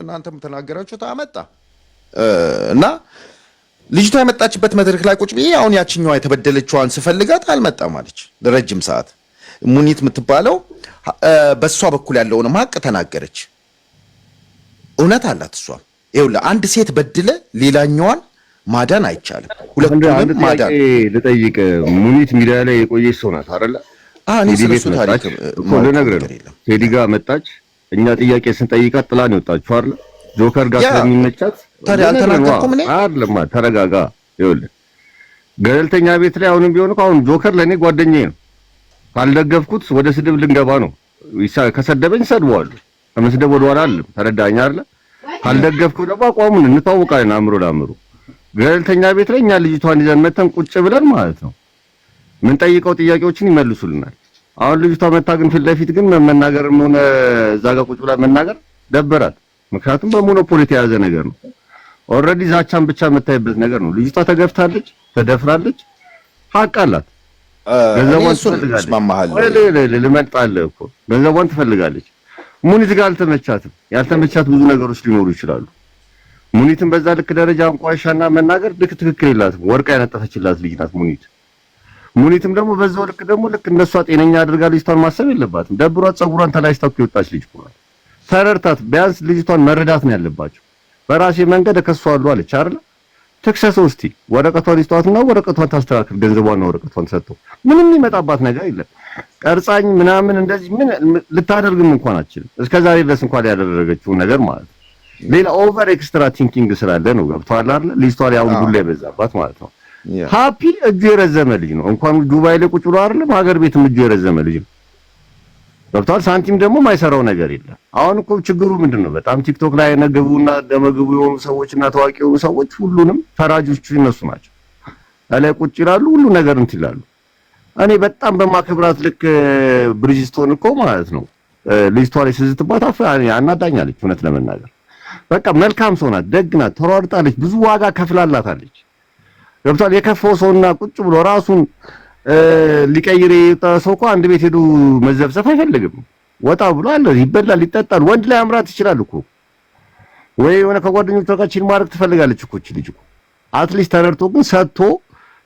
እናንተም ተናገራችሁት አመጣ እና ልጅቷ የመጣችበት መድረክ ላይ ቁጭ ብዬ አሁን ያችኛዋ የተበደለችዋን ስፈልጋት አልመጣም አለች። ረጅም ሰዓት ሙኒት የምትባለው በእሷ በኩል ያለውንም ሀቅ ተናገረች። እውነት አላት እሷ። ይኸውልህ አንድ ሴት በድለ ሌላኛዋን ማዳን አይቻልም። ሁለቱንም ማዳን ልጠይቅ። ሙኒት ሚዲያ ላይ የቆየች ሰው ናት አይደለ? ስለሱ ታሪክ ነው። ቴዲ ጋ መጣች እኛ ጥያቄ ስንጠይቃት ጥላ ነው የወጣችሁ አይደል? ጆከር ጋር ስለሚመቻት ታዲያ አልተናገርኩም እኔ አይደለም። ተረጋጋ። ይኸውልህ ገለልተኛ ቤት ላይ አሁንም ቢሆን አሁን ጆከር ለኔ ጓደኛዬ ነው። ካልደገፍኩት ወደ ስድብ ልንገባ ነው። ከሰደበኝ ሰድበዋለሁ። ከመስደብ ወደ ወደኋላ አለም። ተረዳኛ አይደለ? ካልደገፍኩ ደግሞ አቋሙን እንታወቃለን። አእምሮ ለአእምሮ ገለልተኛ ቤት ላይ እኛ ልጅቷን ይዘን መተን ቁጭ ብለን ማለት ነው ምን ጠይቀው ጥያቄዎችን ይመልሱልናል። አሁን ልጅቷ መታ ግን ፊት ለፊት ግን መናገርም ሆነ እዛ ጋር ቁጭ ብላ መናገር ደበራት። ምክንያቱም በሞኖፖሊ የተያዘ ነገር ነው። ኦልሬዲ ዛቻን ብቻ የምታይበት ነገር ነው። ልጅቷ ተገፍታለች፣ ተደፍራለች፣ ሀቅ አላት። ገንዘቧን ትፈልጋለች። ልመጣልህ እኮ ገንዘቧን ትፈልጋለች። ሙኒት ጋር አልተመቻትም። ያልተመቻት ብዙ ነገሮች ሊኖሩ ይችላሉ። ሙኒትን በዛ ልክ ደረጃ አንቋሻና መናገር ልክ ትክክል የላትም። ወርቅ ያነጠፈችላት ልጅ ናት ሙኒት። ሙኒትም ደግሞ በዛው ልክ ደግሞ ልክ እንደሷ ጤነኛ አድርጋ ልጅቷን ማሰብ የለባትም። ደብሯት ጸጉሯን ተላጭታ የወጣች ልጅ ቆራል ተረርታት ቢያንስ ልጅቷን መረዳት ነው ያለባቸው። በራሴ መንገድ እከሷለሁ አለች አይደል? ትክሰስ እስቲ ወረቀቷን ይስጧትና ወረቀቷን ታስተካክል። ገንዘቧና ወረቀቷን ሰጥተው ምንም የሚመጣባት ነገር የለም። ቀርጻኝ ምናምን እንደዚህ ምን ልታደርግም እንኳን አችልም። እስከዛሬ ድረስ እንኳን ያደረገችው ነገር ማለት ነው። ሌላ ኦቨር ኤክስትራ ቲንኪንግ ስላለ ነው። ገብቷል አይደል? ልጅቷ ላይ አሁን ዱላ የበዛባት ማለት ነው። ሀፒ እጁ የረዘመ ልጅ ነው። እንኳን ዱባይ ላይ ቁጭ ብሎ አይደለም ሀገር ቤትም እጁ የረዘመ ልጅ ነው። ገብቷል። ሳንቲም ደግሞ ማይሰራው ነገር የለም። አሁን እኮ ችግሩ ምንድን ነው? በጣም ቲክቶክ ላይ ነገቡና ደመግቡ የሆኑ እና ታዋቂ የሆኑ ሰዎች ሁሉንም ፈራጆቹ እነሱ ናቸው። ላይ ቁጭ ይላሉ፣ ሁሉ ነገር እንትን ይላሉ። እኔ በጣም በማክብራት ልክ ብሪጅስቶን እኮ ማለት ነው ልጅቷ ላይ ስዝትባት አፍ አናዳኛለች። እውነት ለመናገር በቃ መልካም ሰው ናት፣ ደግ ናት፣ ተሯርጣለች፣ ብዙ ዋጋ ከፍላላታለች። ገብቷል። የከፋው ሰውና ቁጭ ብሎ ራሱን ሊቀይር ሰው እኮ አንድ ቤት ሄዱ መዘብዘፍ አይፈልግም። ወጣ ብሎ አለ ይበላል፣ ይጠጣል። ወንድ ላይ አምራት ይችላል እኮ ወይ የሆነ ከጓደኞቹ ተቀችን ማድረግ ትፈልጋለች እኮ እቺ ልጅ እኮ አትሊስት ተረድቶ ግን ሰጥቶ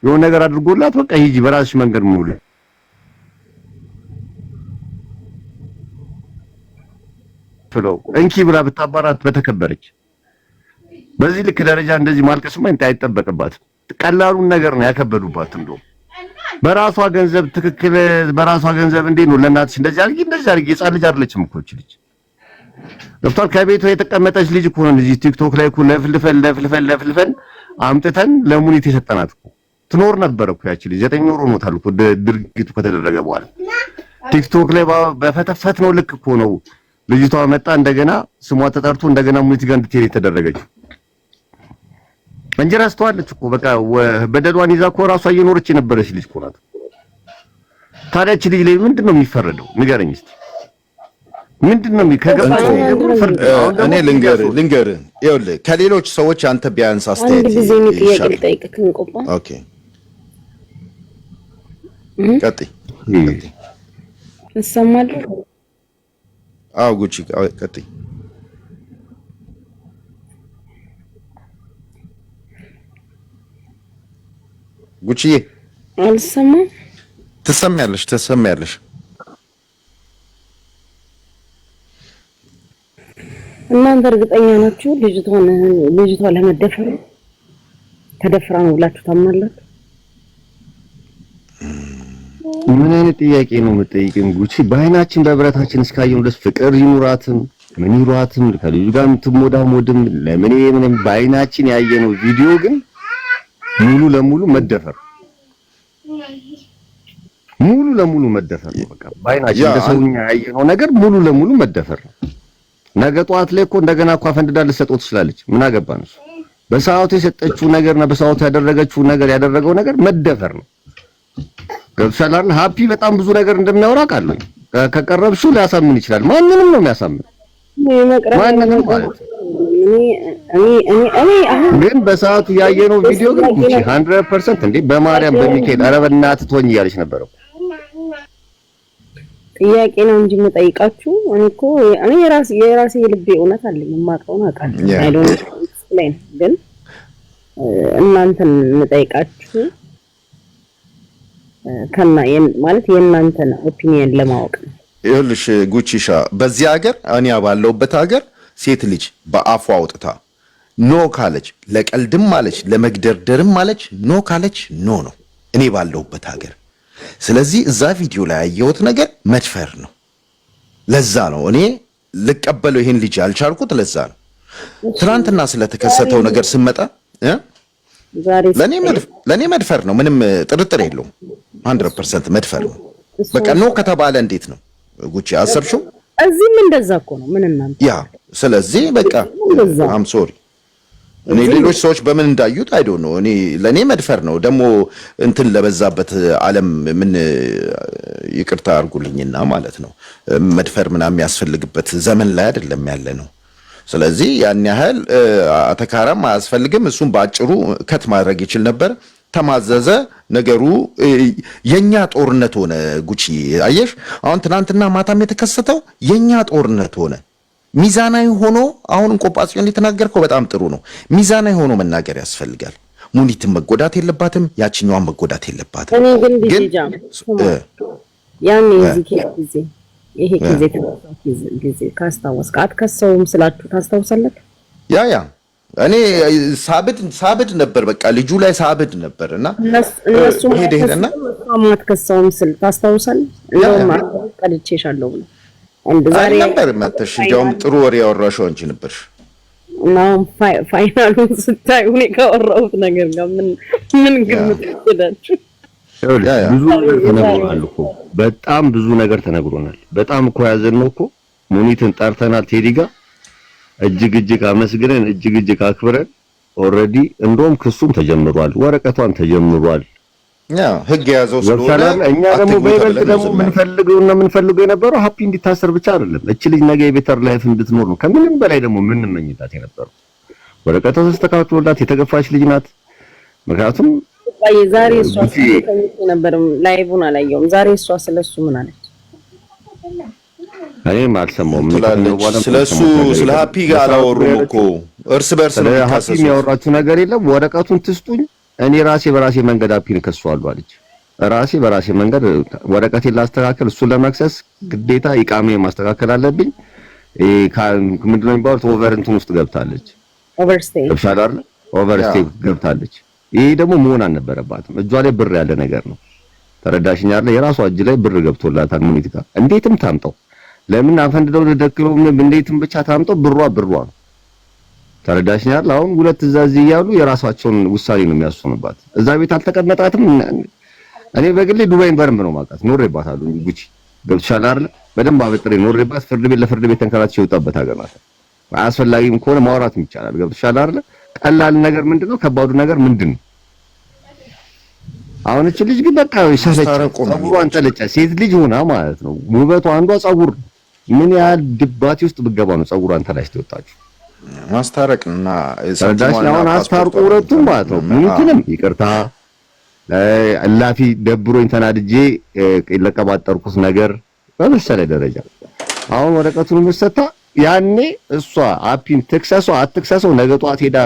የሆነ ነገር አድርጎላት በቃ ሂጂ በራስሽ መንገድ ሙሉ ፍለው እንኪ ብላ ብታባራት በተከበረች በዚህ ልክ ደረጃ እንደዚህ ማልቀስማ አይጠበቅባትም። ቀላሉን ነገር ነው ያከበዱባት። እንደውም በራሷ ገንዘብ ትክክል፣ በራሷ ገንዘብ እንዴት ነው ለእናትሽ እንደዚህ አድርጊ እንደዚህ አድርጊ። ህጻን ልጅ አይደለችም እኮ እች ልጅ ዶክተር ከቤቷ የተቀመጠች ልጅ እኮ ነው። ቲክቶክ ላይ እኮ ለፍልፈን ለፍልፈን ለፍልፈን አምጥተን ለሙኒት የሰጠናት እኮ ትኖር ነበር እኮ ያቺ ልጅ። ዘጠኝ ወር ሆኖታል እኮ ድርጊቱ ከተደረገ በኋላ ቲክቶክ ላይ በፈተፈት ነው ልክ እኮ ነው ልጅቷ መጣ እንደገና ስሟ ተጠርቶ እንደገና ሙኒት ጋር እንድትሄድ የተደረገችው። እንጀራ አስተዋለች እኮ በቃ በደሏን ይዛ እኮ ራሷ እየኖረች የነበረች ልጅ እኮ ናት። ታዲያች ልጅ ላይ ምንድን ነው የሚፈረደው? ንገረኝ እስኪ ምንድን ነው ከገባኝ ፍርድ እኔ ልንገርህ ልንገርህ ይኸውልህ ከሌሎች ሰዎች አንተ ቢያንስ አስተያየት ይሻላል። ኦኬ ቀጥይ እሰማለሁ። አዎ ጉቺ ቀጥ ጉቺዬ አልሰማም። ትሰሚያለሽ ትሰሚያለሽ። እናንተ እርግጠኛ ናችሁ ልጅቷን ልጅቷ ለመደፈር ተደፍራ ነው ብላችሁ ታምናላችሁ? ምን አይነት ጥያቄ ነው የምጠይቅን? ጉቺ በአይናችን በብረታችን እስካየን ድረስ ፍቅር ይኑራትም ምን ይሯትም ከልጁ ጋር ምትሞዳ ሞድም ለምን ምንም በአይናችን ያየነው ቪዲዮ ግን ሙሉ ለሙሉ መደፈር ሙሉ ለሙሉ መደፈር ነው። በቃ ባይናችን እንደ ሰውኛ ያየነው ነገር ሙሉ ለሙሉ መደፈር ነው። ነገ ጠዋት ላይ እኮ እንደገና እኮ አፈንድዳ ልትሰጠው ትችላለች። ምን አገባን? እሱ በሰዓቱ የሰጠችው ነገርና በሰዓቱ ያደረገችው ነገር ያደረገው ነገር መደፈር ነው። ገብቶሻል አይደል? ሀፒ በጣም ብዙ ነገር እንደሚያወራ አውቃለሁ። ከቀረብሽው ሊያሳምን ይችላል። ማንንም ነው የሚያሳምን ማንንም ማለት ነው ግን በሰዓቱ ያየነው ቪዲዮ ግን እንጂ 100% እንዴ በማርያም በሚካኤል ኧረ በእናትህ ትሆኝ እያለች ነበረው። ጥያቄ ነው እንጂ የምጠይቃችሁ። እኔ እኮ እኔ የራሴ የራሴ የልቤ እውነት አለኝ የማውቀውን አውቃለሁ። አይ ዶንት ኤክስፕሌን ግን እናንተን የምጠይቃችሁ ከና ማለት የእናንተን ኦፒኒየን ለማወቅ ነው። ይኸውልሽ ጉቺሻ በዚህ ሀገር እኔ ባለሁበት ሀገር ሴት ልጅ በአፏ አውጥታ ኖ ካለች ለቀልድም ማለች ለመግደርደርም ማለች ኖ ካለች ኖ ነው፣ እኔ ባለሁበት ሀገር። ስለዚህ እዛ ቪዲዮ ላይ ያየሁት ነገር መድፈር ነው። ለዛ ነው እኔ ልቀበለው ይሄን ልጅ ያልቻልኩት። ለዛ ነው ትናንትና ስለተከሰተው ነገር ስመጣ ለእኔ መድፈር ነው፣ ምንም ጥርጥር የለውም። 100 ፐርሰንት መድፈር ነው። በቃ ኖ ከተባለ እንዴት ነው ጉቺ አሰብሽው? እዚህም እንደዛ እኮ ነው። ምን እናንተ ያ ስለዚህ በቃ አም ሶሪ እኔ ሌሎች ሰዎች በምን እንዳዩት አይዶ ነው። እኔ ለእኔ መድፈር ነው ደግሞ እንትን ለበዛበት ዓለም ምን ይቅርታ አርጉልኝና ማለት ነው መድፈር ምናምን የሚያስፈልግበት ዘመን ላይ አይደለም ያለ ነው። ስለዚህ ያን ያህል አተካራም አያስፈልግም። እሱም በአጭሩ ከት ማድረግ ይችል ነበር። ተማዘዘ ነገሩ የኛ ጦርነት ሆነ። ጉቺ አየሽ፣ አሁን ትናንትና ማታም የተከሰተው የኛ ጦርነት ሆነ። ሚዛናዊ ሆኖ አሁን ቆጳጽዮን የተናገርከው በጣም ጥሩ ነው። ሚዛናዊ ሆኖ መናገር ያስፈልጋል። ሙኒትን መጎዳት የለባትም፣ ያችኛዋን መጎዳት የለባትም። እኔ ግን ያኔ ይሄ ጊዜ ጊዜ ካስታወስክ አትከሰውም ስላችሁ ታስታውሳለህ? ያ ያ እኔ ሳብድ ሳብድ ነበር፣ በቃ ልጁ ላይ ሳብድ ነበር እና እነሱ ሄደና አትከሰውም ስል ታስታውሳለህ? እንደውም ቀድቼሻለሁ ብለው ዛሬ ነበር መተሽ። እንዲያውም ጥሩ ወሬ ያወራሽው አንቺ ነበርሽ። ፋይናሉን ስታይ እኔ ካወራሁት ነገር ጋር ምን ግምት ይችላችሁ? ብዙ ነገር ተነግሮናል እኮ በጣም ብዙ ነገር ተነግሮናል። በጣም እኮ ያዘን ነው እኮ ሙኒትን ጠርተናል ቴዲ ጋር እጅግ እጅግ አመስግነን እጅግ እጅግ አክብረን ኦልሬዲ እንደውም ክሱም ተጀምሯል፣ ወረቀቷን ተጀምሯል። ህግ የያዘው ስለሆነ እኛ ደግሞ በይበልጥ ደግሞ የምንፈልገው እና የምንፈልገው የነበረው ሀፒ እንዲታሰር ብቻ አይደለም፣ እች ልጅ ነገ የቤተር ላይፍ እንድትኖር ነው። ከምንም በላይ ደግሞ የምንመኝላት የነበረው ወረቀቷ ተስተካክሎላት የተገፋች ልጅ ናት። ምክንያቱም ዛሬ እሷ ነበርም ላይቡን አላየውም። ዛሬ እሷ ስለሱ ምን አለች? እኔም አልሰማሁም። ስለሱ ስለ ሀፒ ጋር አላወሩም እኮ እርስ በርስ ነው የሚያወራችው ነገር የለም። ወረቀቱን ትስጡኝ እኔ ራሴ በራሴ መንገድ አፒል ከሷለሁ አለች። ራሴ በራሴ መንገድ ወረቀቴን ላስተካከል፣ እሱን ለመክሰስ ግዴታ ኢቃሜ ማስተካከል አለብኝ። ምንድነው የሚባሉት ኦቨር እንትን ውስጥ ገብታለች፣ ኦቨርስቴ ገብታለች። ይሄ ደግሞ መሆን አልነበረባትም። እጇ ላይ ብር ያለ ነገር ነው። ተረዳሽኝ አይደል? የራሷ እጅ ላይ ብር ገብቶላታል። ሙኒቲካ እንዴትም ታምጠው ለምን አፈንድደው ደክለው እንዴትም ብቻ ታምጠው ብሯ ብሯ ነው። ተረዳሽኛል? አሁን ሁለት እዛ እዚህ እያሉ የራሳቸውን ውሳኔ ነው የሚያስኑባት። እዛ ቤት አልተቀመጣትም። እኔ በግሌ ዱባይ በደንብ ነው ማውቃት፣ ኖሬባታለሁ። ጉቺ ገብቶሻል አይደል? በደንብ አበጥሬ ኖሬባት፣ ፍርድ ቤት ለፍርድ ቤት ተንከራትቼ የወጣበት ሀገር ናት። አስፈላጊም ከሆነ ማውራትም ይቻላል። ገብቶሻል አይደል? ቀላል ነገር ምንድን ነው? ከባዱ ነገር ምንድን ነው? አሁን እቺ ልጅ ግን በቃ ሰለች፣ ተለጫ ተለጨ። ሴት ልጅ ሆና ማለት ነው ውበቷ አንዷ ጸጉር፣ ምን ያህል ድባቴ ውስጥ ብገባ ነው ጸጉሯን ተላጭ ትወጣችሁ ማስታረቅና ሰዳሽሁን አስታርቁ ሁለቱም ማለት ነው። ሚኒትንም ይቅርታ እላፊ ደብሮኝ ተናድጄ ለቀባጠርኩት ነገር በመሰለ ደረጃ አሁን ወረቀቱን ምሰታ ያኔ እሷ አፒን ትክሰሷ አትክሰሰው ነገ ጠዋት ሄዳ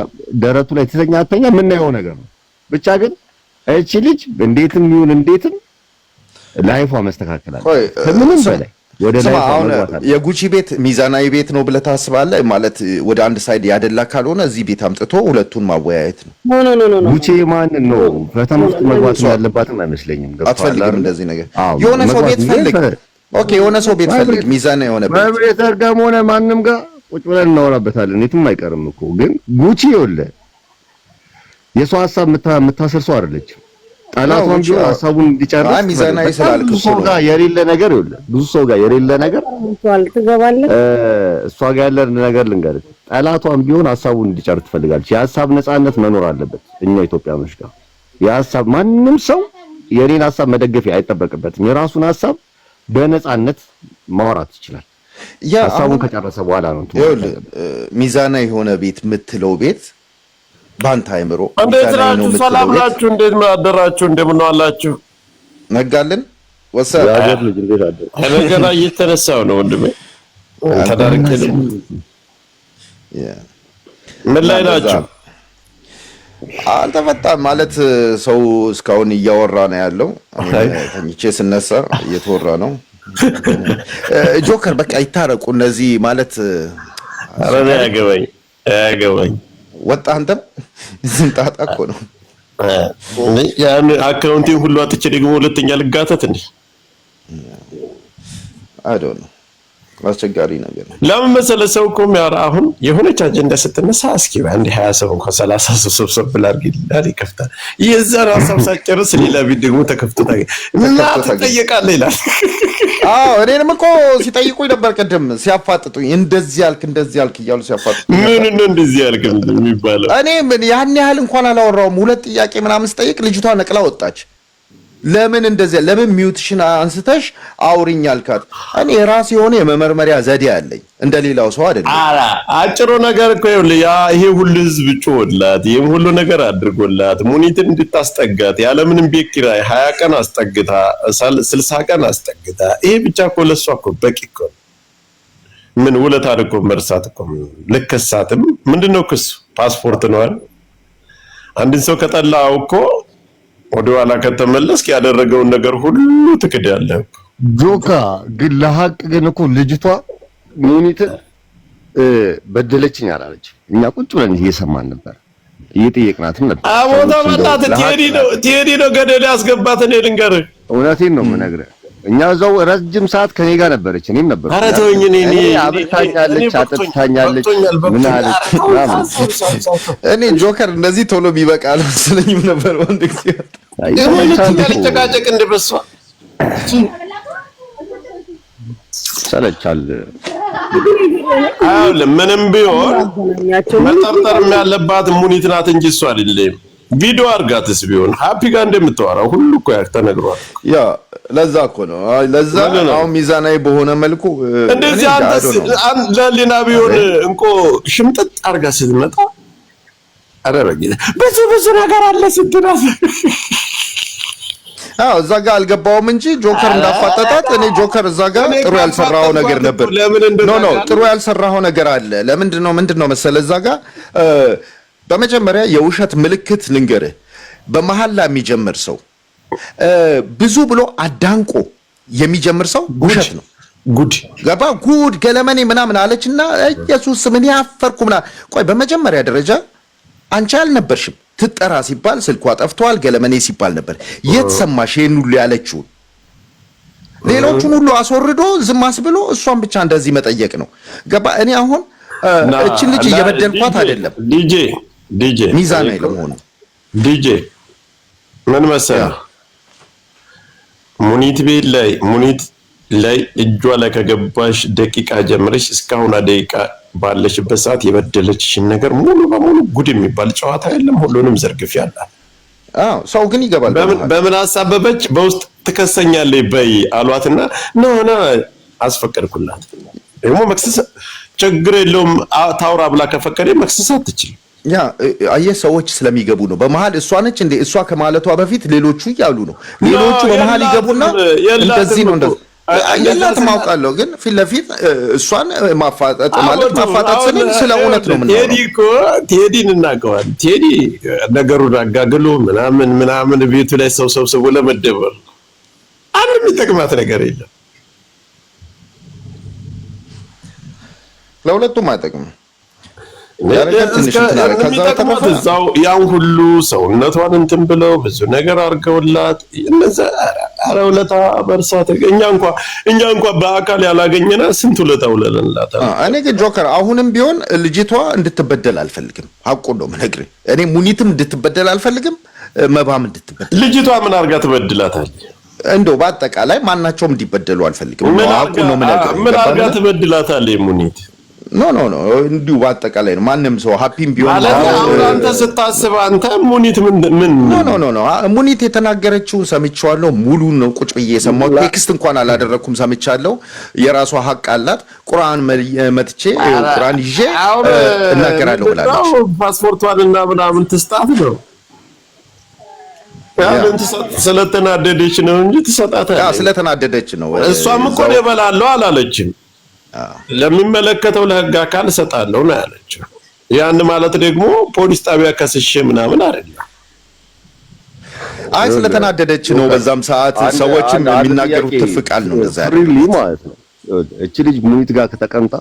ደረቱ ላይ ትተኛ አትተኛ የምናየው ነገር ነው። ብቻ ግን እቺ ልጅ እንዴትም ይሁን እንዴትም ላይፏ መስተካከል አለ ከምንም በላይ ወደ ላይ የጉቺ ቤት ሚዛናዊ ቤት ነው ብለህ ታስባለህ? ማለት ወደ አንድ ሳይድ ያደላ ካልሆነ እዚህ ቤት አምጥቶ ሁለቱን ማወያየት ነው። ጉቺ ማንን ነው ፈተና ውስጥ መግባት ያለባትም አይመስለኝም። አትፈልግም እንደዚህ ነገር። የሆነ ሰው ቤት ፈልግ። ኦኬ፣ የሆነ ሰው ቤት ፈልግ። ሚዛን የሆነ ቤት ጋር ሆነ ማንም ጋር ቁጭ ብለን እናወራበታለን። የትም አይቀርም እኮ ግን ጉቺ የለ የሰው ሀሳብ የምታስር ሰው አይደለችም። ጠላቷን ቢሆን ሀሳቡን እንዲጨርስ ሚዛናዊ ስላልክ ብዙ ሰው ጋር የሌለ ነገር ይኸውልህ፣ ብዙ ሰው ጋር የሌለ ነገር እሷ ጋር ያለ ነገር ልንገርህ፣ ጠላቷን ቢሆን ሀሳቡን እንዲጨርስ ትፈልጋለች። የሀሳብ ነፃነት መኖር አለበት እኛ ኢትዮጵያኖች ጋር የሀሳብ ማንም ሰው የኔን ሀሳብ መደገፍ አይጠበቅበትም። የራሱን ሀሳብ በነፃነት ማውራት ይችላል። ሀሳቡን ከጨረሰ በኋላ ነው ሚዛና የሆነ ቤት የምትለው ቤት በአንተ አይምሮ እንዴት ናችሁ? ሰላም ናችሁ? እንዴት አደራችሁ? እንደምንዋላችሁ ነጋልን ወሰ ከነገራ እየተነሳው ነው ወንድሜ ተዳርቄ ምን ላይ ናችሁ? አልተፈጣም ማለት ሰው እስካሁን እያወራ ነው ያለው። ተኝቼ ስነሳ እየተወራ ነው። ጆከር በቃ ይታረቁ እነዚህ ማለት። ኧረ እኔ አያገባኝ ወጣ አንተም እዚህም ጣጣ እኮ ነው። ያን አካውንቴን ሁሉ አጥቼ ደግሞ ሁለተኛ ልጋተት እንዴ? አይ ዶንት ኖው አስቸጋሪ ነገር ነው። ለምን መሰለ ሰው እኮ የሚያወራ አሁን የሆነች አጀንዳ ስትነሳ እስኪ አንድ ሀያ ሰው እንኳ ሰላሳ ሰው ሰብሰብ ብላ አድርጊልሃል ይከፍታል። የዛን ሀሳብ ሳጨርስ ሌላ ቤት ደግሞ ተከፍቶ እና ትጠየቃለህ ይላል። አዎ እኔንም እኮ ሲጠይቁ ነበር ቅድም ሲያፋጥጡኝ፣ እንደዚህ ያልክ እንደዚህ ያልክ እያሉ ሲያፋጥጡ ምን ነው እንደዚህ ያልክ የሚባለው እኔ ያን ያህል እንኳን አላወራውም። ሁለት ጥያቄ ምናምን ስጠይቅ ልጅቷ ነቅላ ወጣች። ለምን እንደዚያ ለምን ሚውትሽን አንስተሽ አውሪኝ አልካት? እኔ ራሴ የሆነ የመመርመሪያ ዘዴ አለኝ፣ እንደሌላው ሰው አይደለም። አጭሩ ነገር እኮ ያ ይሄ ሁሉ ህዝብ ጮህላት፣ ይሄ ሁሉ ነገር አድርጎላት፣ ሙኒትን እንድታስጠጋት ያለምንም ቤት ኪራይ ሀያ ቀን አስጠግታ ስልሳ ቀን አስጠግታ፣ ይሄ ብቻ እኮ ለእሷ እኮ በቂ እኮ ምን ውለታ እኮ መርሳት እኮ ልከሳትም ምንድነው ክሱ? ፓስፖርት ነዋል አንድን ሰው ከጠላው እኮ ወደ ኋላ ከተመለስ ያደረገውን ነገር ሁሉ ትክዳለህ። ጆካ ግን ለሀቅ ግን እኮ ልጅቷ ሙኒትን በደለችኝ አላለች። እኛ ቁጭ ብለን እየሰማን ነበር እየጠየቅናትም ነበር። አቦታ መጣት ቴዲ ነው ገደል ያስገባት። እኔ ልንገርህ፣ እውነቴን ነው የምነግርህ እኛ እዛው ረጅም ሰዓት ከኔ ጋር ነበረች፣ እኔም ነበር ኧረ ተወኝ። እኔ እኔ አብርታኛለች፣ አጠጥታኛለች፣ ምን አለች? እኔ ጆከር እንደዚህ ቶሎ ቢበቃ አልመሰለኝም ነበር። ወንድ ጊዜ ልጨቃጨቅ እንደበሷ ሰለቻል። ምንም ቢሆን መጠርጠርም ያለባት ሙኒት ናት እንጂ እሷ አይደለም። ቪዲዮ አርጋትስ ቢሆን ሀፒ ጋር እንደምታወራው ሁሉ እኮ ያክ ተነግሯል። ያ ለዛ እኮ ነው። ለዛ አሁን ሚዛናዊ በሆነ መልኩ እንደዚህ አንተስ ለሊና ቢሆን እንቆ ሽምጥጥ አርጋ ስትመጣ አረረግ ብዙ ብዙ ነገር አለ ስትናት አዎ እዛ ጋር አልገባውም እንጂ ጆከር እንዳፋጠጣት እኔ ጆከር እዛ ጋር ጥሩ ያልሰራው ነገር ነበር። ኖ ኖ ጥሩ ያልሰራው ነገር አለ። ለምንድን ነው ምንድን ነው መሰለህ እዛ ጋር በመጀመሪያ የውሸት ምልክት ልንገርህ፣ በመሀላ የሚጀምር ሰው ብዙ ብሎ አዳንቆ የሚጀምር ሰው ውሸት ነው። ጉድ ገባ ጉድ ገለመኔ ምናምን አለች እና ኢየሱስ ምን ያፈርኩ ምና። ቆይ በመጀመሪያ ደረጃ አንቺ አልነበርሽም። ትጠራ ሲባል ስልኳ ጠፍቷል ገለመኔ ሲባል ነበር። የት ሰማሽ ይህን ሁሉ ያለችውን? ሌሎቹን ሁሉ አስወርዶ ዝም አስብሎ እሷን ብቻ እንደዚህ መጠየቅ ነው። ገባ እኔ አሁን እችን ልጅ እየበደልኳት አይደለም ልጄ ዲጄ ሚዛናዊ ለመሆኑ ዲጄ ምን መሰለህ ሙኒት ቤት ላይ ሙኒት ላይ እጇ ላይ ከገባሽ ደቂቃ ጀምረሽ እስካሁን ደቂቃ ባለሽበት ሰዓት የበደለችሽን ነገር ሙሉ በሙሉ ጉድ የሚባል ጨዋታ የለም። ሁሉንም ዘርግፍ ያላል። ሰው ግን ይገባል። በምን አሳበበች? በውስጥ ትከሰኛለች በይ አሏትና ኖ አስፈቀድኩላት። ደግሞ መክሰስ ችግር የለውም ታውራ ብላ ከፈቀደ መክሰስ አትችልም። ያ አየ ሰዎች ስለሚገቡ ነው። በመሀል እሷ ነች እንዴ እሷ ከማለቷ በፊት ሌሎቹ እያሉ ነው። ሌሎቹ በመሀል ይገቡና እንደዚህ ነው እንደዚህ የላትም ማውቃለሁ፣ ግን ፊት ለፊት እሷን ማፋጠጥ ማለት ማፋጠጥ ስንል ስለ እውነት ነው ቴዲ እኮ ቴዲን እናቀዋል። ቴዲ ነገሩን አጋግሎ ምናምን ምናምን ቤቱ ላይ ሰው ሰብስቦ ለመደበር አንድ የሚጠቅማት ነገር የለም፣ ለሁለቱም አይጠቅምም። እዛው ያን ሁሉ ሰውነቷን እንትን ብለው ብዙ ነገር አድርገውላት ኧረ ውለታ እኛ እንኳ እኛ እንኳ በአካል ስንት ውለታ ውለንላት። እኔ ግን ጆከር አሁንም ቢሆን ልጅቷ እንድትበደል አልፈልግም። ነው የምነግርህ። እኔ ሙኒትም እንድትበደል አልፈልግም፣ መባም እንድትበደል። ልጅቷ ምን አድርጋ ትበድላታል? እንደው በአጠቃላይ ማናቸውም እንዲበደሉ አልፈልግም። ነው የምነግርህ። ምን አድርጋ ትበድላታል ሙኒት ኖ ኖ ኖ እንዲሁ በአጠቃላይ ነው። ማንም ሰው ሀፒም ቢሆን ማለት አሁን አንተ ስታስብ አንተ ሙኒት ምን ኖ ኖ ኖ ኖ ሙኒት የተናገረችውን ሰምቼዋለሁ። ሙሉን ነው ቁጭ ብዬ የሰማሁት። ቴክስት እንኳን አላደረኩም፣ ሰምቻለሁ። የራሷ ሀቅ አላት። ቁርአን መትቼ ቁርአን ይዤ እናገራለሁ ብላለች። ፓስፖርቷን እና ምናምን ትስጣት ነው ስለተናደደች ነው እንጂ ትሰጣታለች። ስለተናደደች ነው። እሷም እኮ እኔ እበላለሁ አላለችም ለሚመለከተው ለህግ አካል እሰጣለሁ ነው ያለችው። ያን ማለት ደግሞ ፖሊስ ጣቢያ ከስሼ ምናምን አይደለም። አይ ስለተናደደች ነው። በዛም ሰዓት ሰዎችን የሚናገሩት ትርፍ ቃል ነው እንደዛ ያለው ማለት ነው። እቺ ልጅ ሙኒት ጋር ከተቀምጣ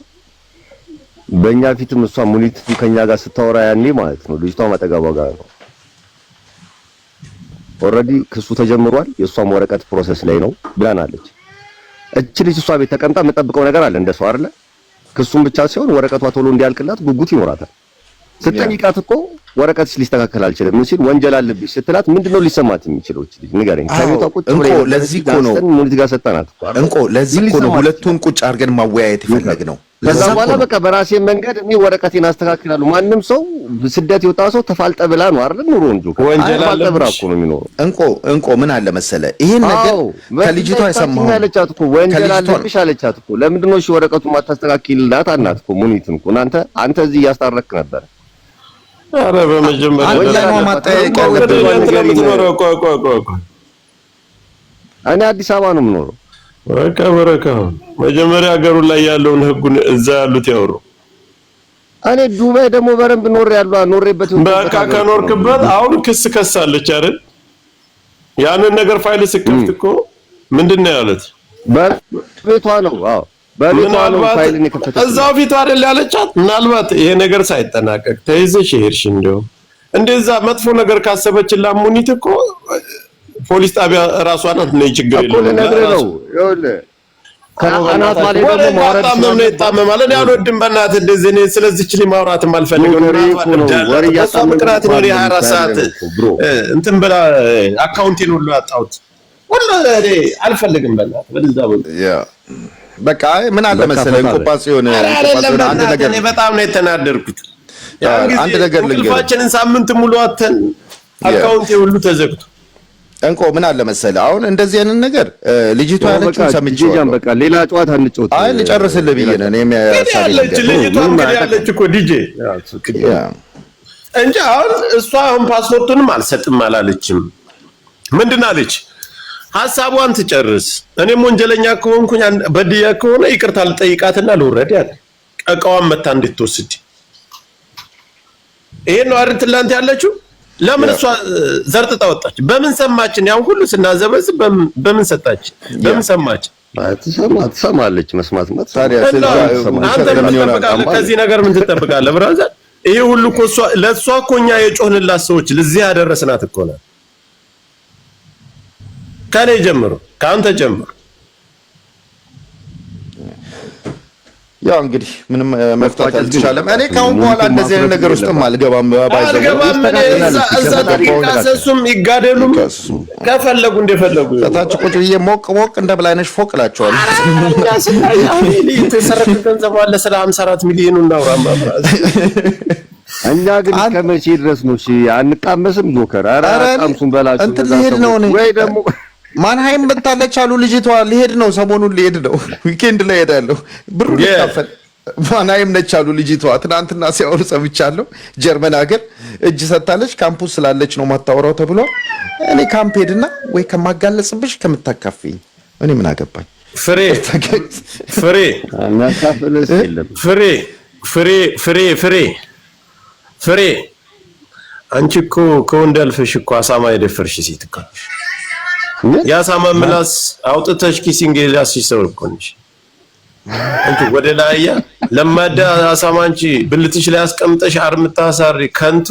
በእኛ ፊትም እሷ ሙኒት ከኛ ጋር ስታወራ ያኔ ማለት ነው ልጅቷ ማጠገቧ ጋር ነው። ኦልሬዲ ክሱ ተጀምሯል፣ የእሷም ወረቀት ፕሮሰስ ላይ ነው ብላናለች። እች ልጅ እሷ ቤት ተቀምጣ የምጠብቀው ነገር አለ እንደሷ አይደለ? ክሱም ብቻ ሲሆን ወረቀቷ ቶሎ እንዲያልቅላት ጉጉት ይኖራታል። ስጠይቃት እኮ ወረቀትሽ ሊስተካከል አልችልም፣ ምን ሲል ወንጀል አለብሽ ስትላት ምንድነው ሊሰማት የሚችለው? እች ልጅ ንገረኝ። ከቤቷ ቁጭ ብለ ለዚህ እኮ ነው ሙኒት ጋር ሰጣናት እንቆ ለዚህ እኮ ነው ሁለቱን ቁጭ አድርገን ማወያየት የፈለግነው ከዛ በኋላ በቃ በራሴ መንገድ እኔ ወረቀቴን አስተካክላለሁ። ማንም ሰው ስደት የወጣ ሰው ተፋልጠ ብላ ነው አይደል ኑሮ እንጂ ወንጀል አለ እኮ ነው የሚኖረው። እንቆ እንቆ ምን አለ መሰለ ይሄን ነገር ከልጅቷ የሰማሁ አለቻት እኮ ወንጀል አለብሽ አለቻት እኮ። ለምንድን ነው እሺ ወረቀቱን ማታስተካክልላት አናት እኮ ሙኒት እኮ እናንተ አንተ እዚህ እያስታረክ ነበር። አረ በመጀመሪያ ወንጀል ነው ያለብሽ ነገር እኔ አዲስ አበባ ነው የምኖረው በረካ በረካ። መጀመሪያ ሀገሩ ላይ ያለውን ህጉን እዛ ያሉት ያውሩ። እኔ ዱባይ ደግሞ በረንብ ኖር ያሉ ኖሬበት በቃ ከኖርክበት አሁን ክስ ከሳለች አይደል? ያንን ነገር ፋይል ስከፍት እኮ ምንድን ነው ያሉት? በቤቷ ነው። አዎ በቤቷ ነው ፋይልን የከፈተችው። እዛው ፊቷ አይደል ያለቻት። ምናልባት ይሄ ነገር ሳይጠናቀቅ ተይዘሽ ሄድሽ እንደው እንደዛ መጥፎ ነገር ካሰበች ላሙኒት እኮ ፖሊስ ጣቢያ ራሷ ናት። ነይ ችግር የለውም። እኮ ነግሬህ ነው። ይኸውልህ ማለት ደግሞ ማውራት ነው እንደዚህ እኔ ስለዚህች ላይ ማውራት አልፈልግም። ወሬ ነው ወሬ 24 ሰዓት እንትን ብላ አካውንቴን ሁሉ ያጣሁት ሁሉ አልፈልግም። በእናትህ በቃ ያ በቃ ምን አለ መሰለህ እንቆጳጽ የሆነ አንድ ነገር በጣም ነው የተናደርኩት። ነገር ጊዜ እንቅልፋችንን ሳምንት ሙሉ አተን አካውንቴ ሁሉ ተዘግቶ እንቆ ምን አለ መሰለ አሁን እንደዚህ አይነት ነገር ልጅቷ ያለችው ሰምቼዋለሁ። በቃ ሌላ ጨዋታ እንጫወት። አይ ልጨርስልህ ብዬ ነው እኔም ያለች እኮ ዲጄ እንጂ አሁን እሷ አሁን ፓስፖርቱንም አልሰጥም አላለችም። ምንድን አለች? ሀሳቧን ትጨርስ። እኔም ወንጀለኛ ከሆንኩኝ በድያ ከሆነ ይቅርታ ልጠይቃትና ልውረድ ያለ እቃዋን መታ እንድትወስድ ይሄን ነው አይደል ትላንት ያለችው ለምን እሷ ዘርጥጣ ወጣች? በምን ሰማችን? ያን ሁሉ ስናዘበዝ በምን ሰጣች? በምን ሰማች? ትሰማለች። መስማት ታዲያ ከዚህ ነገር ምን ትጠብቃለህ ብራዘር? ይሄ ሁሉ እኮ እሷ ለእሷ እኮ እኛ የጮህንላት ሰዎች ለዚህ ያደረስናት እኮ ናት። ከኔ ጀምሮ ከአንተ ጀምሮ ያው እንግዲህ ምንም መፍታት አልቻለም። እኔ ካሁን በኋላ እንደዚህ አይነት ነገር ውስጥም አልገባም አልገባም። እዛ እሱም ይጋደሉም ከፈለጉ እንደፈለጉ ከታች ቁጭ ብዬ ሞቅ ሞቅ እንደ ብላይነሽ ፎቅ የተሰረቀ ገንዘብ አለ። ስለ ሚሊዮኑ እናውራ። እኛ ግን ከመቼ ድረስ ነው? እሺ አንቃመስም። ሞከር ኧረ አንቃምሱን በላችሁ እንትን ልሄድ ነው ወይ ደግሞ ማንሃይም መታለች አሉ ልጅቷ። ሊሄድ ነው ሰሞኑን ሊሄድ ነው ዊኬንድ ላይ ሄዳለሁ ብሩ ሊካፈል ማንሃይም ነች አሉ ልጅቷ። ትናንትና ሲያወሩ ሰምቻለሁ። ጀርመን ሀገር እጅ ሰጥታለች። ካምፑስ ስላለች ነው ማታወራው ተብሎ እኔ ካምፕ ሄድና ወይ ከማጋለጽብሽ ከምታካፍኝ እኔ ምን አገባኝ። ፍሬ ፍሬ ፍሬ ፍሬ ፍሬ ፍሬ ፍሬ አንቺ እኮ ከወንድ አልፈሽ እኮ አሳማ የደፈርሽ ሴት እኮ የአሳማ ምላስ አውጥተሽ ኪሲንግ ላስይሰው እኮ ነሽ እንት ወደ ላያ ለማዳ አሳማ አንቺ ብልትሽ ላይ አስቀምጠሽ ከንቱ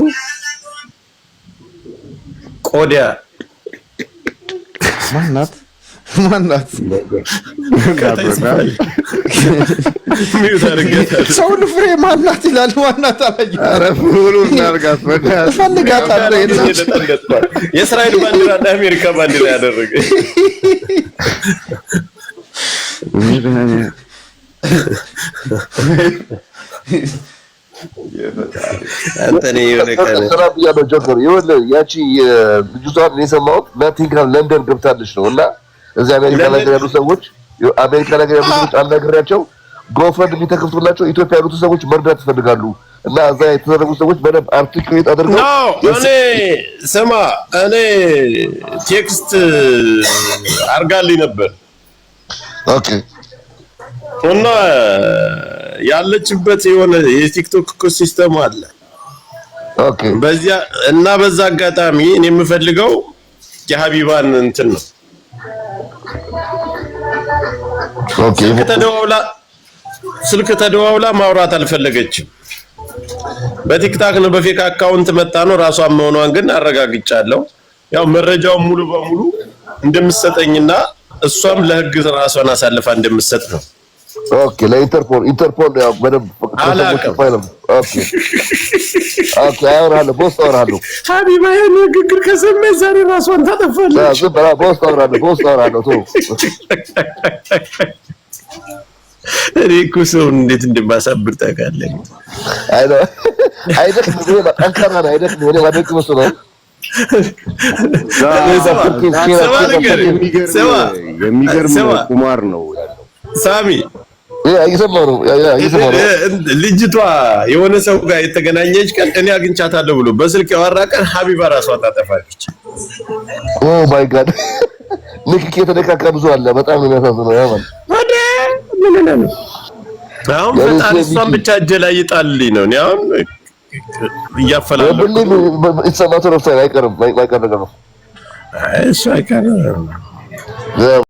ቆዳ ማናት ማናት ሰው ፍሬ ማናት ይላል። ማናት የእስራኤል ባንዲራ እና አሜሪካ ባንዲራ ያደረገ ያቺ ልጅቷን የሰማሁት ናቲንግሃም ለንደን ገብታለች ነው እና እዚህ አሜሪካ ላይ ያሉ ሰዎች አሜሪካ ላይ ያሉ ሰዎች አናግሬያቸው ጎፈንድ የሚተከፍቱላቸው ኢትዮጵያ ያሉት ሰዎች መርዳት ይፈልጋሉ እና እዛ የተደረጉ ሰዎች በደንብ አርቲክሌት አድርገው እኔ ስማ እኔ ቴክስት አርጋልኝ ነበር። ኦኬ እና ያለችበት የሆነ የቲክቶክ ኢኮሲስተም አለ። ኦኬ በዚያ እና በዛ አጋጣሚ እኔ የምፈልገው የሀቢባን እንትን ነው ስልክ ተደዋውላ ማውራት አልፈለገችም። በቲክታክ ነው በፌክ አካውንት መጣ ነው ራሷን መሆኗን ግን አረጋግጫለሁ። ያው መረጃውን ሙሉ በሙሉ እንደምትሰጠኝና እሷም ለህግ ራሷን አሳልፋ እንደምትሰጥ ነው ኦኬ ለኢንተርፖል ኢንተርፖል ያው በደንብ አላውቅም። ኦኬ ኦኬ አወራለሁ፣ ቦስ አወራለሁ። ሀቢባ ንግግር ከሰማይ ዛሬ ራሷን ታጠፋለች። ዝም በላ። ቦስ አወራለሁ፣ ቦስ አወራለሁ። ቶ እኔ እኮ ሰውን እንዴት እንደማሳብር ታውቃለህ። አይደክም ጠንካራ ነው። አይደክም እኔ ዋደቅ መስ ነው የሚገርም ቁማር ነው ሳሚ ልጅቷ የሆነ ሰው ጋር የተገናኘች ቀን እኔ አግኝቻታለሁ ብሎ በስልክ ያወራ ቀን ሀቢባ ራሷ ታጠፋለች። ኦ ማይ ጋድ ንክኪ የተነካካ ብዙ አለ። በጣም የሚያሳዝነው ያ ማለት ምን ነው አሁን ፈጣሪ እሷን ብቻ እጄ ላይ ይጣልልኝ ነው። አሁን እያፈላለሁ አይቀርም አይቀር ነገር ነው። እሱ አይቀርም